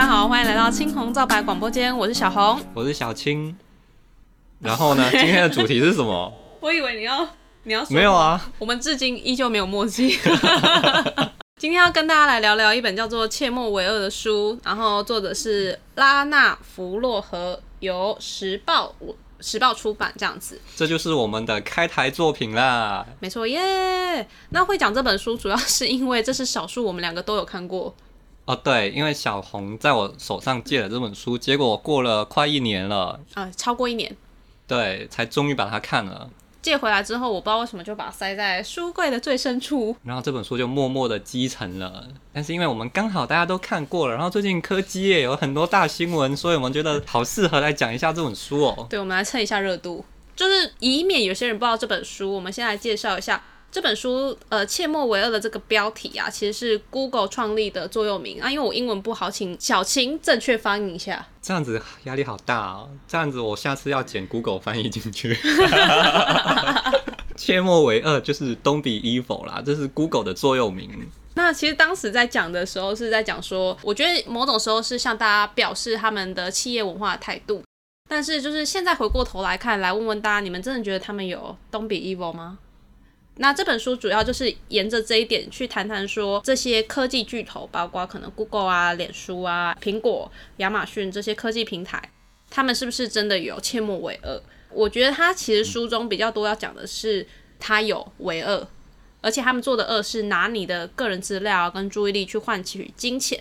大家好，歡迎來到青紅皂白廣播間，我是小紅，我是小青，然後呢，今天的主題是什麼？ 我以為你要你要沒有啊，我們至今依舊沒有默契。 今天要跟大家來聊聊一本叫做《切莫為惡》的書，然後作者是拉娜福洛荷，由時報時報出版，這樣子，這就是我們的開台作品啦。沒錯耶，yeah! 那會講這本書，主要是因為這是少數我們兩個都有看過。哦，對，因為小紅在我手上借了這本書，結果過了快一年了，啊、嗯，超過一年，對，才終於把它看了。借回來之後，我不知道為什麼就把它塞在書櫃的最深處，然後這本書就默默的積塵了。但是因為我們剛好大家都看過了，然後最近科技業有很多大新聞，所以我們覺得好適合來講一下這本書哦。對，我們來蹭一下熱度，就是以免有些人不知道這本書，我們先來介紹一下。這本書呃，切莫為惡的這個標題啊，其實是 Google 創立的座右銘啊。因為我英文不好，請小青正確翻譯一下。這樣子壓力好大哦，這樣子我下次要剪 Google 翻譯進去。 切莫為惡就是 Don't be evil 啦，這是 Google 的座右銘。那其實當時在講的時候，是在講說，我覺得某種時候是向大家表示他們的企業文化的態度。但是就是現在回過頭來看，來問問大家，你們真的覺得他們有 Don't be evil 嗎？那這本書主要就是沿着這一點去談談，說這些科技巨頭，包括可能 Google 啊、臉書啊、蘋果、亞馬遜這些科技平台，他們是不是真的有切莫為惡？我覺得他其實書中比較多要講的是，他有為惡，而且他們做的惡是拿你的個人資料跟注意力去換取金錢。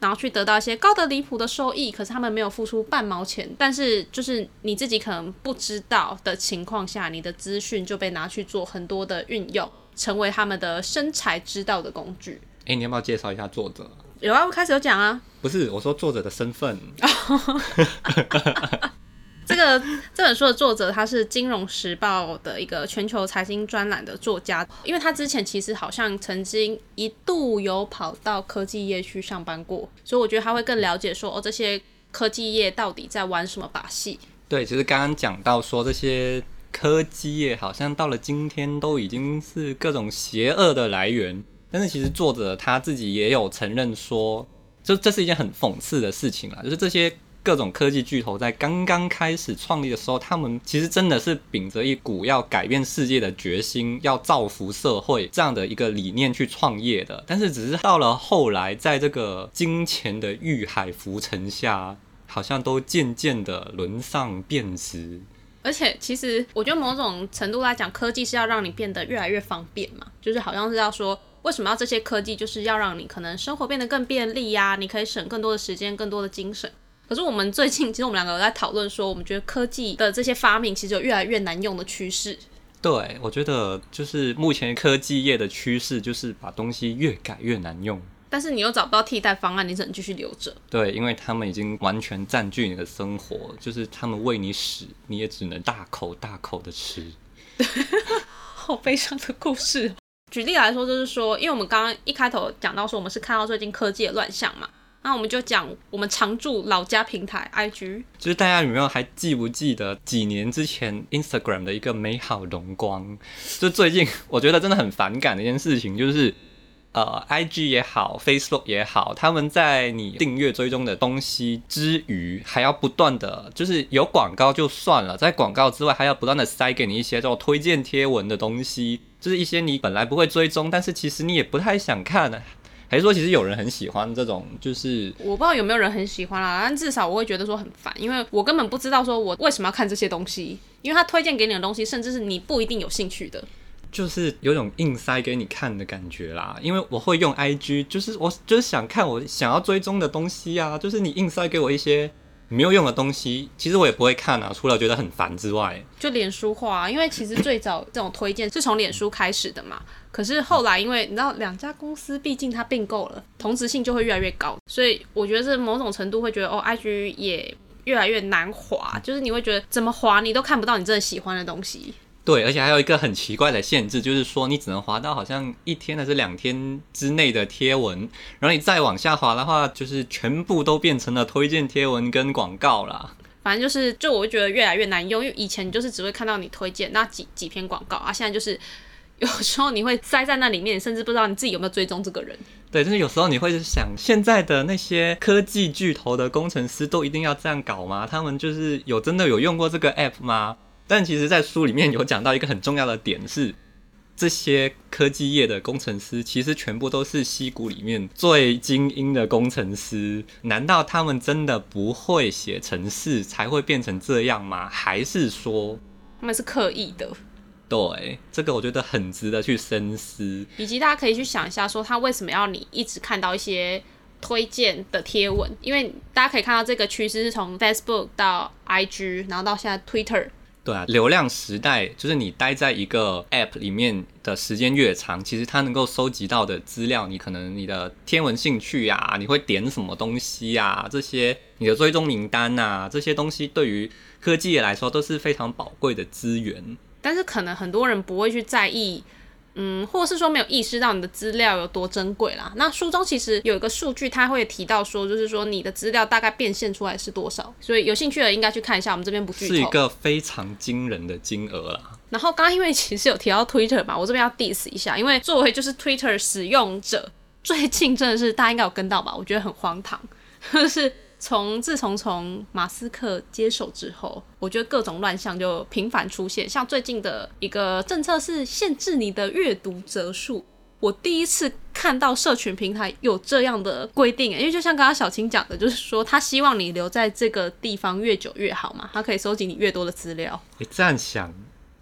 然後去得到一些高得離譜的收益，可是他們沒有付出半毛錢。但是就是你自己可能不知道的情況下，你的資訊就被拿去做很多的運用，成為他們的生財之道的工具。哎、欸，你要不要介紹一下作者？有啊，我開始有講啊。不是，我說作者的身份。 這個這本書的作者，他是《金融時報》的一個全球財經專欄的作家，因為他之前其實好像曾經一度有跑到科技業去上班過，所以我覺得他會更了解說哦，這些科技業到底在玩什麼把戲。對，其實剛剛講到說這些科技業好像到了今天都已經是各種邪惡的來源，但是其實作者他自己也有承認說，就這是一件很諷刺的事情啊，就是這些。各種科技巨頭在剛剛開始創立的時候，他們其實真的是秉着一股要改變世界的決心，要造福社會這樣的一個理念去創業的。但是，只是到了後來，在這個金錢的欲海浮沉下，好像都漸漸的淪喪變質。而且，其實我覺得某種程度來講，科技是要讓你變得越來越方便嘛，就是好像是要說，為什麼要這些科技，就是要讓你可能生活變得更便利呀、啊，你可以省更多的時間，更多的精神。可是我們最近，其實我們兩個在討論說，我們覺得科技的這些發明其實有越來越難用的趨勢。對，我覺得就是目前科技業的趨勢就是把東西越改越難用。但是你又找不到替代方案，你只能繼續留着。對，因為他們已經完全占據你的生活，就是他們餵你屎，你也只能大口大口的吃。 好悲傷的故事。 舉例來說，就是說，因為我們剛剛一開頭講到說，我們是看到最近科技的亂象嘛。那我們就講我們常駐老家平台 IG，就是大家有沒有還記不記得幾年之前 Instagram 的一個美好榮光？就最近我覺得真的很反感的一件事情，就是呃 IG 也好，Facebook 也好，他們在你訂閱追蹤的東西之餘，還要不斷的，就是有廣告就算了，在廣告之外，還要不斷的塞給你一些叫做推薦貼文的東西，就是一些你本來不會追蹤，但是其實你也不太想看的。還是說，其實有人很喜歡這種，就是我不知道有沒有人很喜歡啦。但至少我會覺得說很煩，因為我根本不知道說我為什麼要看這些東西，因為他推薦給你的東西，甚至是你不一定有興趣的，就是有種硬塞給你看的感覺啦。因為我會用 IG，就是我就是想看我想要追蹤的東西啊，就是你硬塞給我一些沒有用的東西，其實我也不會看啊，除了覺得很煩之外。就臉書化啊，因為其實最早這種推薦是從臉書開始的嘛。 可是後來，因為你知道兩家公司畢竟它併購了，同質性就會越來越高，所以我覺得是某種程度會覺得哦，IG 也越來越難滑。就是你會覺得怎麼滑，你都看不到你真的喜歡的東西。對，而且還有一個很奇怪的限制，就是說你只能滑到好像一天還是兩天之內的貼文，然後你再往下滑的話，就是全部都變成了推薦貼文跟廣告啦。反正就是，就我會覺得越來越難用，因為以前你就是只會看到你推薦那幾幾篇廣告啊，現在就是有時候你會塞在那裡面，甚至不知道你自己有沒有追蹤這個人。對，就是有時候你會想，現在的那些科技巨頭的工程師都一定要這樣搞嗎？他們就是有真的有用過這個 app 嗎？但其實，在書裡面有講到一個很重要的點是，這些科技業的工程師其實全部都是矽谷裡面最精英的工程師。難道他們真的不會寫程式，才會變成這樣嗎？還是說他們是刻意的？對，這個我覺得很值得去深思，以及大家可以去想一下，說他為什麼要你一直看到一些推薦的貼文？因為大家可以看到這個趨勢是從 Facebook 到 IG，然後到現在 Twitter。對啊，流量時代就是你待在一個 App 裡面的時間越長，其實它能夠收集到的資料，你可能你的天文興趣呀，你會點什麼東西呀，這些你的追蹤名單吶，這些東西對於科技來說都是非常寶貴的資源。但是可能很多人不會去在意。嗯，或是說沒有意識到你的資料有多珍貴啦。那書中其實有一個數據，他會提到說，就是說你的資料大概變現出來是多少。所以有興趣的應該去看一下，我們這邊不劇透。是一個非常驚人的金額啦。然後剛剛因為其實有提到 Twitter 嘛，我這邊要 diss 一下，因為作為就是 Twitter 使用者，最近真的是大家應該有跟到吧？我覺得很荒唐，就是。從自從從馬斯克接手之後，我覺得各種亂象就頻繁出現。像最近的一個政策是限制你的閱讀則數，我第一次看到社群平台有這樣的規定。因為就像剛剛小青講的，就是說他希望你留在這個地方越久越好嘛，他可以收集你越多的資料，你這樣想。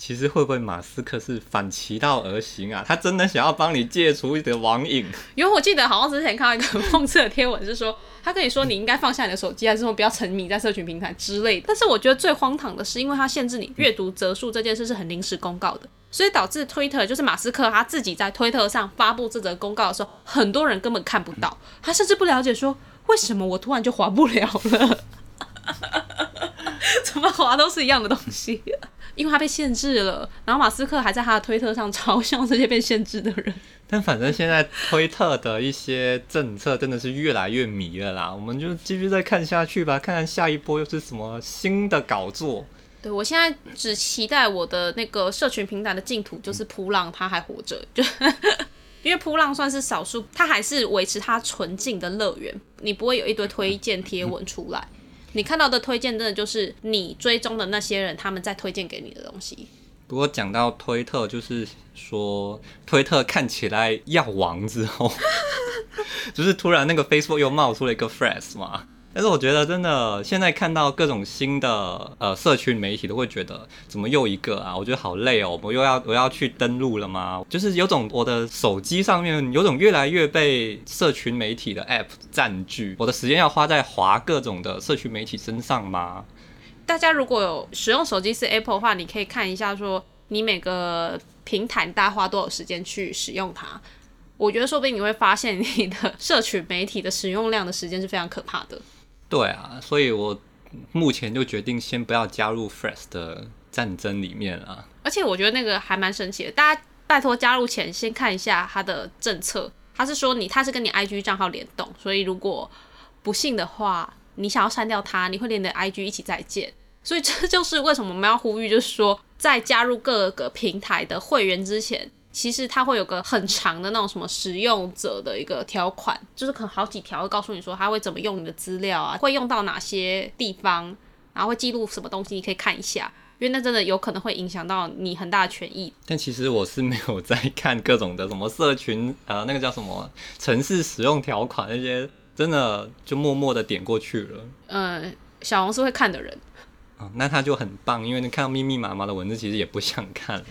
其實會不會馬斯克是反其道而行啊？他真的想要幫你戒除一點網癮？因為我記得好像之前看到一個諷刺的貼文，是說他跟你說，你應該放下你的手機，還是說不要沉迷在社群平台之類的。但是我覺得最荒唐的是，因為他限制你閱讀則數這件事是很臨時公告的，所以導致推特就是馬斯克他自己在推特上發布這則公告的時候，很多人根本看不到，他甚至不了解說為什麼我突然就滑不了了， 怎麼滑都是一樣的東西。因為他被限制了，然後馬斯克還在他的推特上嘲笑這些被限制的人。但反正現在推特的一些政策真的是越來越迷了啦， 我們就繼續再看下去吧，看看下一波又是什麼新的搞作。對，我現在只期待我的那個社群平台的淨土就是撲浪，他還活着，就 因為撲浪算是少數，他還是維持他純淨的樂園，你不會有一堆推薦貼文出來。 你看到的推薦真的就是你追蹤的那些人，他們在推薦給你的東西。不過講到推特，就是說推特看起來要亡之後， 就是突然那個 Facebook 又冒出了一個 Threads 嘛。但是我覺得真的，現在看到各種新的呃社群媒體，都會覺得怎麼又一個啊？我覺得好累哦，我又要我要去登錄了嗎？就是有種我的手機上面有種越來越被社群媒體的 App 占據，我的時間要花在滑各種的社群媒體身上嗎？大家如果有使用手機是 Apple 的話，你可以看一下說你每個平台大家花多少時間去使用它。我覺得說不定你會發現你的社群媒體的使用量的時間是非常可怕的。對啊，所以我目前就決定先不要加入 Threads 的戰爭裡面啊，而且我覺得那個還蠻神奇的，大家拜託加入前先看一下他的政策。他是說你他是跟你 IG 賬號聯動，所以如果不信的話，你想要刪掉他，你會連你的 IG 一起再見。所以這就是為什麼我們要呼籲，就是說在加入各個平台的會員之前。其實它會有個很長的那種什麼使用者的一個條款，就是可能好幾條會告訴你說，他會怎麼用你的資料啊，會用到哪些地方，然後會記錄什麼東西，你可以看一下，因為那真的有可能會影響到你很大的權益。但其實我是沒有在看各種的什麼社群啊，呃，那個叫什麼城市使用條款那些，真的就默默的點過去了。嗯，小王是會看的人。哦，那他就很棒，因為你看到密密麻麻的文字，其實也不想看了。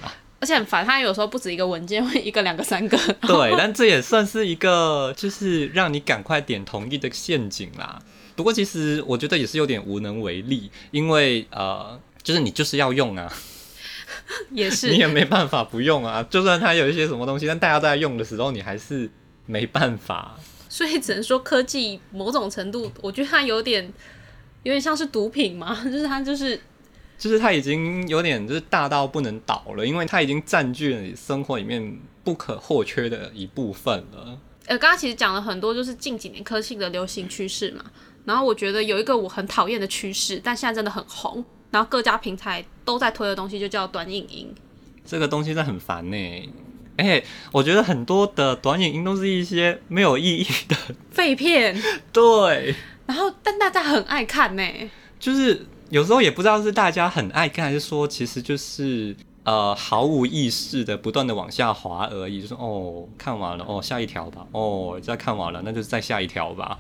而且很煩，他有時候不止一個文件，會一個兩個三個。對， 但這也算是一個，就是讓你趕快點同意的陷阱啦。不過其實我覺得也是有點無能為力，因為呃，就是你就是要用啊，也是你也沒辦法不用啊。就算它有一些什麼東西，但大家都在用的時候，你還是沒辦法。所以只能說科技某種程度，我覺得它有點有點像是毒品嘛，就是它就是。就是它已經有點就是大到不能倒了，因為它已經佔據了你生活裡面不可或缺的一部分了。呃，剛剛其實講了很多，就是近幾年科技的流行趨勢嘛。然後我覺得有一個我很討厭的趨勢，但現在真的很紅。然後各家平台都在推的東西，就叫短影音。這個東西真的很煩呢。而且我覺得很多的短影音都是一些沒有意義的廢片。 對。然後，但大家很愛看呢。就是。有時候也不知道是大家很愛看，還是說其實就是呃毫無意識的不斷的往下滑而已。就是說哦，看完了哦，下一條吧，哦再看完了那就是再下一條吧，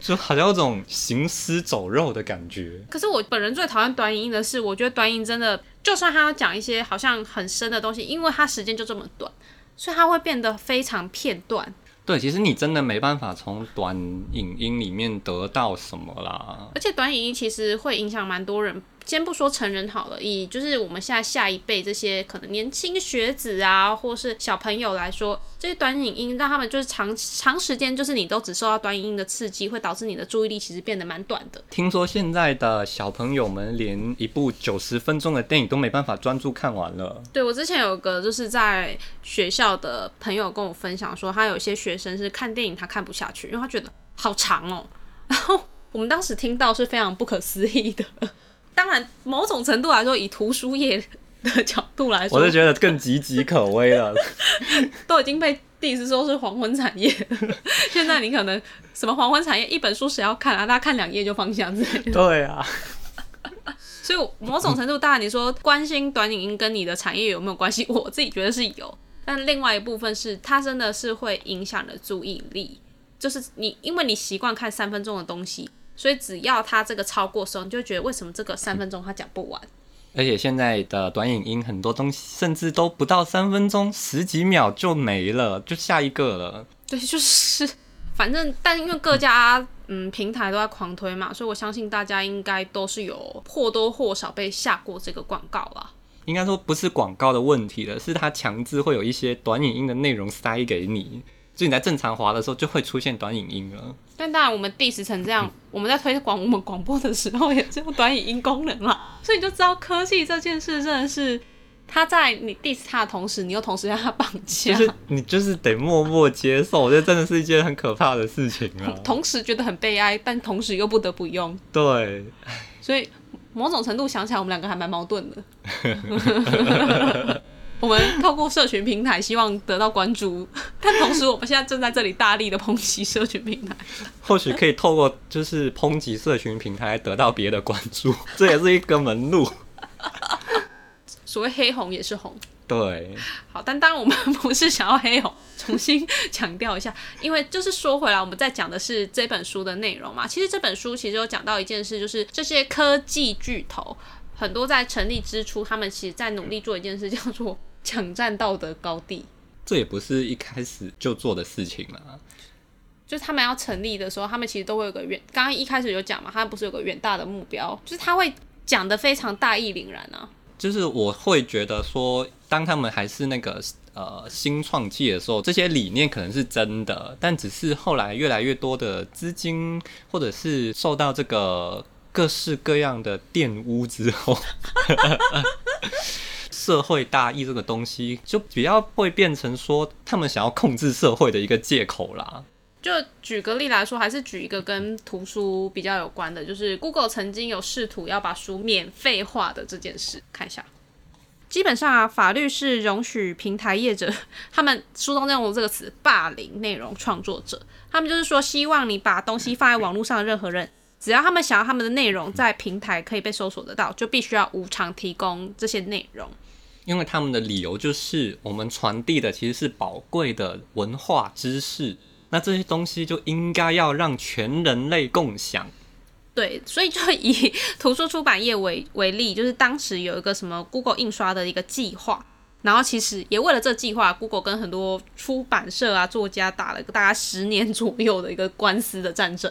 就好像有種行屍走肉的感覺。可是我本人最討厭短影音的是，我覺得短影音真的就算他要講一些好像很深的東西，因為它時間就這麼短，所以它會變得非常片段。對，其實你真的沒辦法從短影音裡面得到什麼啦，而且短影音其實會影響蠻多人。先不說成人好了，以就是我們現在下一輩這些可能年輕學子啊，或是小朋友來說，這些短影音讓他們就是長長時間，就是你都只受到短影音的刺激，會導致你的注意力其實變得蠻短的。聽說現在的小朋友們連一部九十分鐘的電影都沒辦法專注看完了。對，我之前有個就是在學校的朋友跟我分享說，他有些學生是看電影他看不下去，因為他覺得好長喔。然後我們當時聽到是非常不可思議的。當然，某種程度來說，以圖書業的角度來說，我是覺得更岌岌可危了。 都已經被第一次說是黃昏產業，現在你可能什麼黃昏產業，一本書誰要看啊？大家看兩頁就放下，對啊。 所以，某種程度，當然你說關心短影音跟你的產業有沒有關係，我自己覺得是有。但另外一部分是，它真的是會影響了注意力，就是你因為你習慣看三分鐘的東西。所以只要它這個超過時候，你就會覺得為什麼這個三分鐘它講不完？而且現在的短影音很多東西，甚至都不到三分鐘，十幾秒就沒了，就下一個了。對，就是反正，但因為各家嗯平台都在狂推嘛，所以我相信大家應該都是有或多或少被下過這個廣告了。應該說不是廣告的問題了，是它強制會有一些短影音的內容塞給你，所以你在正常滑的時候就會出現短影音了。但當然，我們第十層這樣。嗯我們在推廣我們廣播的時候，也只有短語音功能了，所以你就知道科技這件事真的是，它在你 diss 它的同時，你又同時讓它綁架、就是。你就是得默默接受， 這真的是一件很可怕的事情啊！同時覺得很悲哀，但同時又不得不用。對，所以某種程度想起來，我們兩個還蠻矛盾的。 我們透過社群平台希望得到關注，但同時我們現在正在這裡大力的抨擊社群平台。或許可以透過就是抨擊社群平台得到別的關注，這也是一個門路。 所謂黑紅也是紅，對。好，但當然我們不是想要黑紅，重新強調一下，因為就是說回來，我們在講的是這本書的內容嘛。其實這本書其實有講到一件事，就是這些科技巨頭很多在成立之初，他們其實在努力做一件事，叫做。搶占道德高地，這也不是一開始就做的事情了。就他們要成立的時候，他們其實都會有個遠。剛剛一開始有講嘛，他們不是有個遠大的目標，就是他會講得非常大義凛然啊。就是我會覺得說，當他們還是那個呃新創界的時候，這些理念可能是真的，但只是後來越來越多的資金或者是受到這個各式各樣的玷污之後。 社會大義，這個東西，就比較會變成說他們想要控制社會的一個借口啦。就舉個例來說，還是舉一個跟圖書比較有關的，就是 Google 曾經有試圖要把書免費化的這件事。看一下，基本上啊，法律是容許平台業者他們書中內容這個詞霸凌內容創作者，他們就是說希望你把東西放在網絡上的任何人，只要他們想要他們的內容在平台可以被搜索得到，就必須要無償提供這些內容。因為他們的理由就是，我們傳遞的其實是寶貴的文化知識，那這些東西就應該要讓全人類共享。對，所以就以圖書出版業為為例，就是當時有一個什麼 Google 印刷的一個計劃，然後其實也為了這個計劃，Google 跟很多出版社啊、作家打了個大概十年左右的一個官司的戰爭。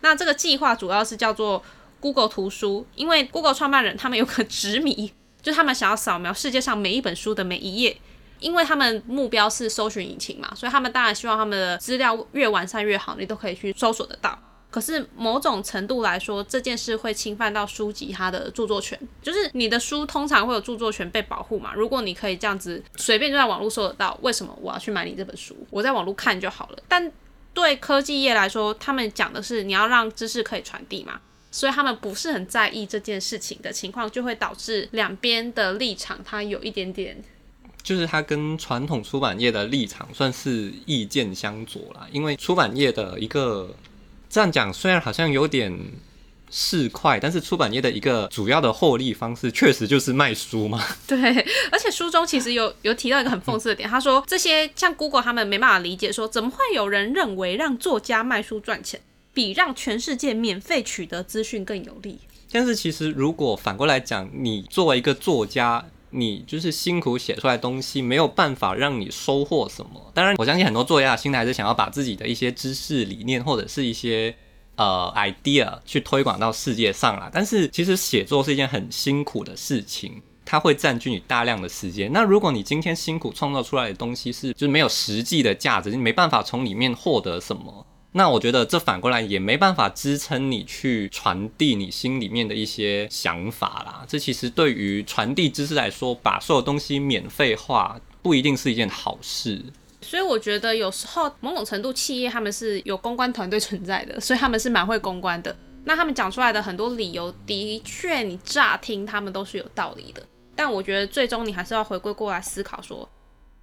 那這個計劃主要是叫做 Google 圖書，因為 Google 創辦人他們有個執迷。就他們想要掃描世界上每一本書的每一頁，因為他們目標是搜尋引擎嘛，所以他們當然希望他們的資料越完善越好，你都可以去搜索得到。可是某種程度來說，這件事會侵犯到書籍它的著作權，就是你的書通常會有著作權被保護嘛。如果你可以這樣子隨便就在網絡搜得到，為什麼我要去買你這本書？我在網絡看就好了。但對科技業來說，他們講的是你要讓知識可以傳遞嘛。所以他們不是很在意這件事情的情況，就會導致兩邊的立場，它有一點點，就是它跟傳統出版業的立場算是意見相左啦。因為出版業的一個這樣講，雖然好像有點市儈，但是出版業的一個主要的獲利方式，確實就是賣書嘛。對，而且書中其實有有提到一個很諷刺的點，他說這些像 Google 他們沒辦法理解說，說怎麼會有人認為讓作家賣書賺錢比讓全世界免費取得資訊更有利。但是其實，如果反過來講，你作為一個作家，你就是辛苦寫出來的東西，沒有辦法讓你收穫什麼。當然，我相信很多作家的心態是想要把自己的一些知識、理念或者是一些呃 idea 去推廣到世界上來。但是，其實寫作是一件很辛苦的事情，它會佔據你大量的時間。那如果你今天辛苦創造出來的東西是就是沒有實際的價值，你沒辦法從裡面獲得什麼。那我覺得這反過來也沒辦法支撐你去傳遞你心裡面的一些想法啦。這其實對於傳遞知識來說，把所有東西免費化不一定是一件好事。所以我覺得有時候某種程度，企業他們是有公關團隊存在的，所以他們是蠻會公關的。那他們講出來的很多理由，的確你乍聽他們都是有道理的。但我覺得最終你還是要回歸過來思考說，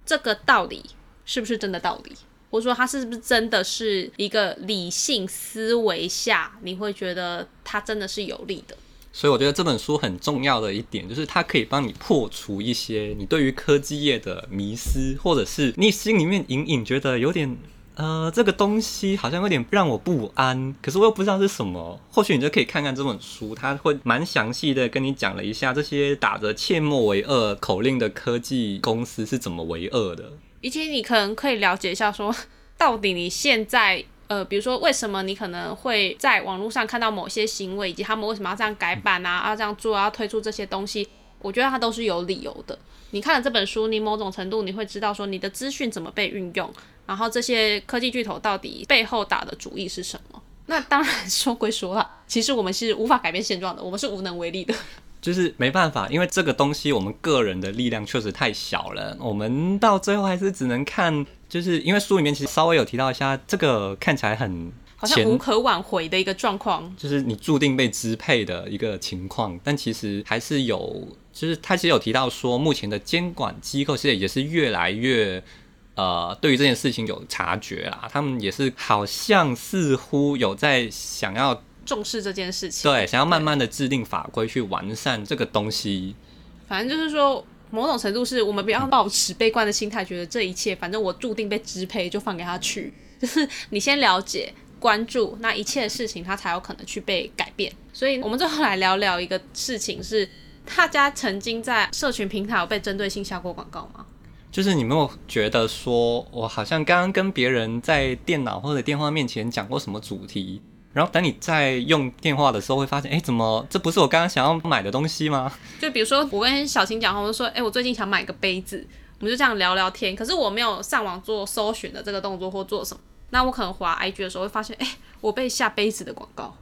這個道理是不是真的道理？或說它是不是真的是一個理性思維下，你會覺得它真的是有利的？所以我覺得這本書很重要的一點，就是它可以幫你破除一些你對於科技業的迷思，或者是你心裡面隱隱覺得有點呃，這個東西好像有點讓我不安，可是我又不知道是什麼。或許你就可以看看這本書，它會蠻詳細的跟你講了一下這些打着“切莫為惡”口令的科技公司是怎麼為惡的。以及你可能可以了解一下，說到底你現在，呃，比如說為什麼你可能會在網絡上看到某些行為，以及他們為什麼要這樣改版啊，要、啊、這樣做、啊，要推出這些東西，我覺得它都是有理由的。你看了這本書，你某種程度你會知道說你的資訊怎麼被運用，然後這些科技巨頭到底背後打的主意是什麼？那當然說歸說了、啊，其實我們是無法改變現狀的，我們是無能為力的。就是沒辦法，因為這個東西我們個人的力量確實太小了，我們到最後還是只能看，就是因為書裡面其實稍微有提到一下，這個看起來很好像無可挽回的一個狀況，就是你注定被支配的一個情況。但其實還是有，就是他其實有提到說，目前的監管機構現在也是越來越呃，對於這件事情有察覺啦，他們也是好像似乎有在想要。重視這件事情，對，想要慢慢的制定法規去完善這個東西。反正就是說，某種程度是我們不要保持悲觀的心態，覺得這一切、嗯、反正我注定被支配，就放給他去。就是你先了解、關注那一切事情，他才有可能去被改變。所以我們最後來聊聊一個事情是：是大家曾經在社群平台有被針對性下過廣告嗎？就是你有沒有覺得說，我好像剛剛跟別人在電腦或者電話面前講過什麼主題？然後等你再用電話的時候，會發現，哎，怎麼這不是我剛剛想要買的東西嗎？就比如說，我跟小青講話，我就說，哎，我最近想買個杯子，我們就這樣聊聊天。可是我沒有上網做搜尋的這個動作或做什麼，那我可能滑 IG 的時候會發現，哎，我被下杯子的廣告。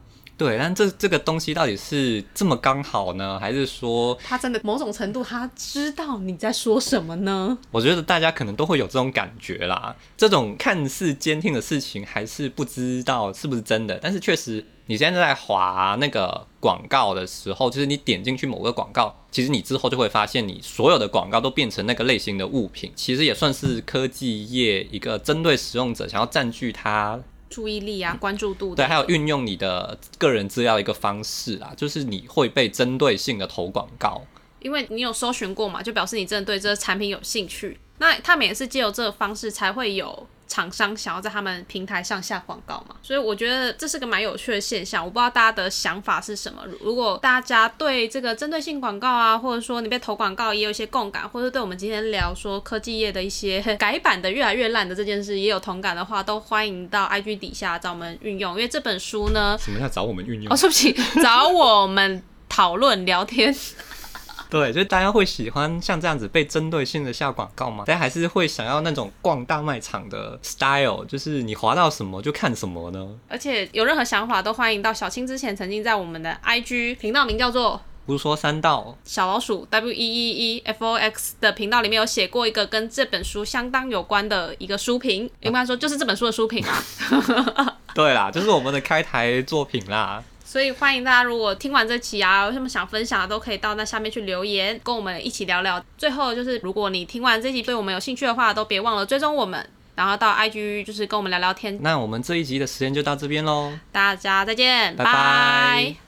對，但這這個東西到底是這麼剛好呢，還是說他真的某種程度他知道你在說什麼呢？我覺得大家可能都會有這種感覺啦。這種看似監聽的事情，還是不知道是不是真的。但是確實，你現在在滑那個廣告的時候，就是你點進去某個廣告，其實你之後就會發現，你所有的廣告都變成那個類型的物品。其實也算是科技業一個針對使用者想要占據它注意力啊，關注度的、嗯、對，還有運用你的個人資料的一個方式啊，就是你會被針對性的投廣告，因為你有搜尋過嘛，就表示你真的對這個產品有興趣。那他們也是借由這個方式才會有廠商想要在他們平台上下廣告嘛？所以我覺得這是個蠻有趣的現象。我不知道大家的想法是什麼。如果大家對這個針對性廣告啊，或者說你被投廣告也有一些共感，或者對我們今天聊說科技業的一些改版的越來越爛的這件事也有同感的話，都歡迎到 IG 底下找我們運用。因爲這本書呢，什麼叫找我們運用？哦，對不起，找我們討論聊天。對，就是大家會喜歡像這樣子被針對性的下廣告嗎？大家還是會想要那種逛大賣場的 style，就是你滑到什麼就看什麼呢？而且有任何想法都歡迎到小青之前曾經在我們的 IG 頻道名叫做“狐說三道”，小老鼠 W E E E F O X 的頻道裡面有寫過一個跟這本書相當有關的一個書評，應該說就是這本書的書評啊。對啦，就是我們的開台作品啦。所以歡迎大家，如果聽完這集啊，有什麼想分享的，都可以到那下面去留言，跟我們一起聊聊。最後就是，如果你聽完這集對我們有興趣的話，都別忘了追蹤我們，然後到 IG 就是跟我們聊聊天。那我們這一集的時間就到這邊嘍，大家再見，拜拜 Bye。